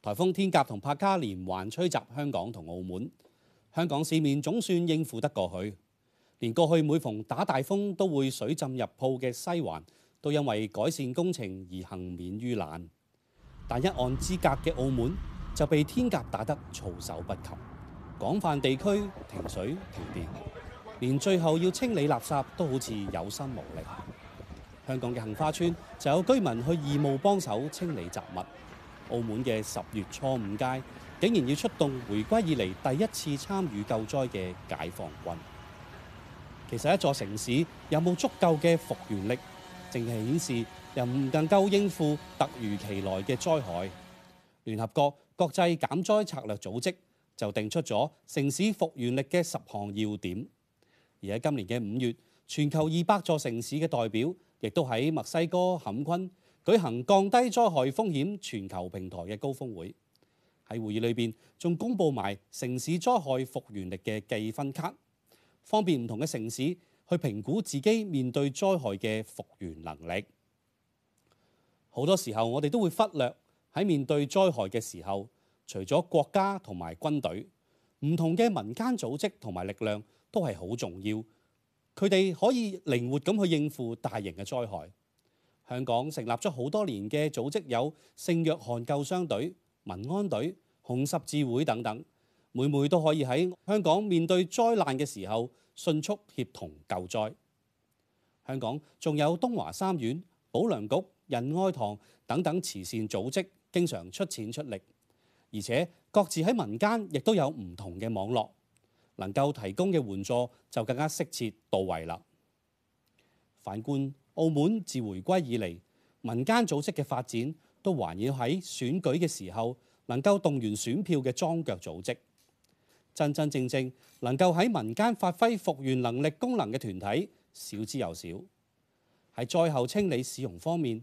颱風天鴿同帕加連環吹襲香港同澳門，香港市面總算應付得過去。連過去每逢打大風都會水浸入鋪嘅西環，都因為改善工程而幸免於難。但一岸之隔嘅澳門就被天鴿打得措手不及，廣泛地區停水停電。連最後要清理垃圾都好似有心無力。香港嘅杏花村就有居民去義務幫手清理雜物。澳門嘅十月初五街竟然要出動，回歸以嚟第一次參與救災嘅解放軍。其實一座城市有冇足夠嘅復原力，淨係顯示又唔能夠應付突如其來嘅災害。聯合國國際減災策略組織就定出咗城市復原力嘅十項要點。而喺今年嘅五月，全球二百座城市嘅代表，亦都喺墨西哥坎昆舉行降低災害風險全球平台嘅高峰會。喺會議裏邊仲公布埋城市災害復原力嘅計分卡，方便唔同嘅城市去評估自己面對災害嘅復原能力。好多時候，我哋都會忽略喺面對災害嘅時候，除咗國家同埋軍隊，唔同嘅民間組織同埋力量。都係好重要，佢哋可以靈活咁去應付大型嘅災害。香港成立咗好多年嘅組織，有聖約翰救傷隊、民安隊、紅十字會等等，每每都可以喺香港面對災難嘅時候迅速協同救災。香港仲有東華三院、保良局、仁愛堂等等慈善組織，經常出錢出力，而且各自喺民間亦都有唔同嘅網絡。能夠提供嘅援助就更加適切到位啦。反觀澳門自回歸以嚟，民間組織嘅發展都環繞喺選舉嘅時候能夠動員選票嘅裝腳組織，真真正正能夠喺民間發揮復原能力功能嘅團體少之又少。喺災後清理市容方面，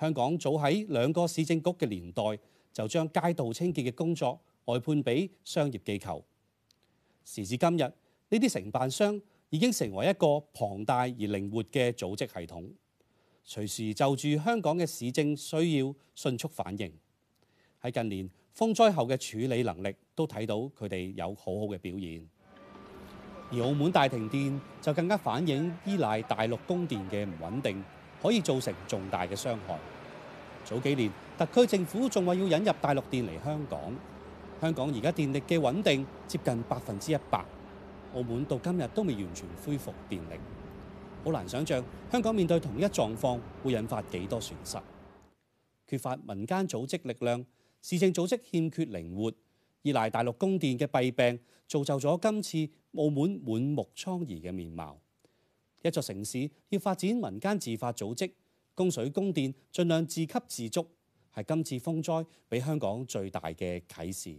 香港早喺兩個市政局嘅年代就將街道清潔嘅工作外判俾商業機構。時至今日，呢啲承辦商已經成為一個龐大而靈活嘅組織系統，隨時就住香港嘅市政需要迅速反應。喺近年風災後嘅處理能力都睇到佢哋有好好嘅表現，而澳門大停電就更加反映依賴大陸供電嘅唔穩定，可以造成重大嘅傷害。早幾年特區政府仲話要引入大陸電嚟香港。香港而家電力嘅穩定接近百分之一百，澳門到今日都未完全恢復電力，好難想像香港面對同一狀況會引發幾多損失。缺乏民間組織力量，市政組織欠缺靈活，依賴大陸供電嘅弊病，造就咗今次澳門滿目瘡痍嘅面貌。一座城市要發展民間自發組織供水供電，盡量自給自足，係今次風災俾香港最大嘅啟示。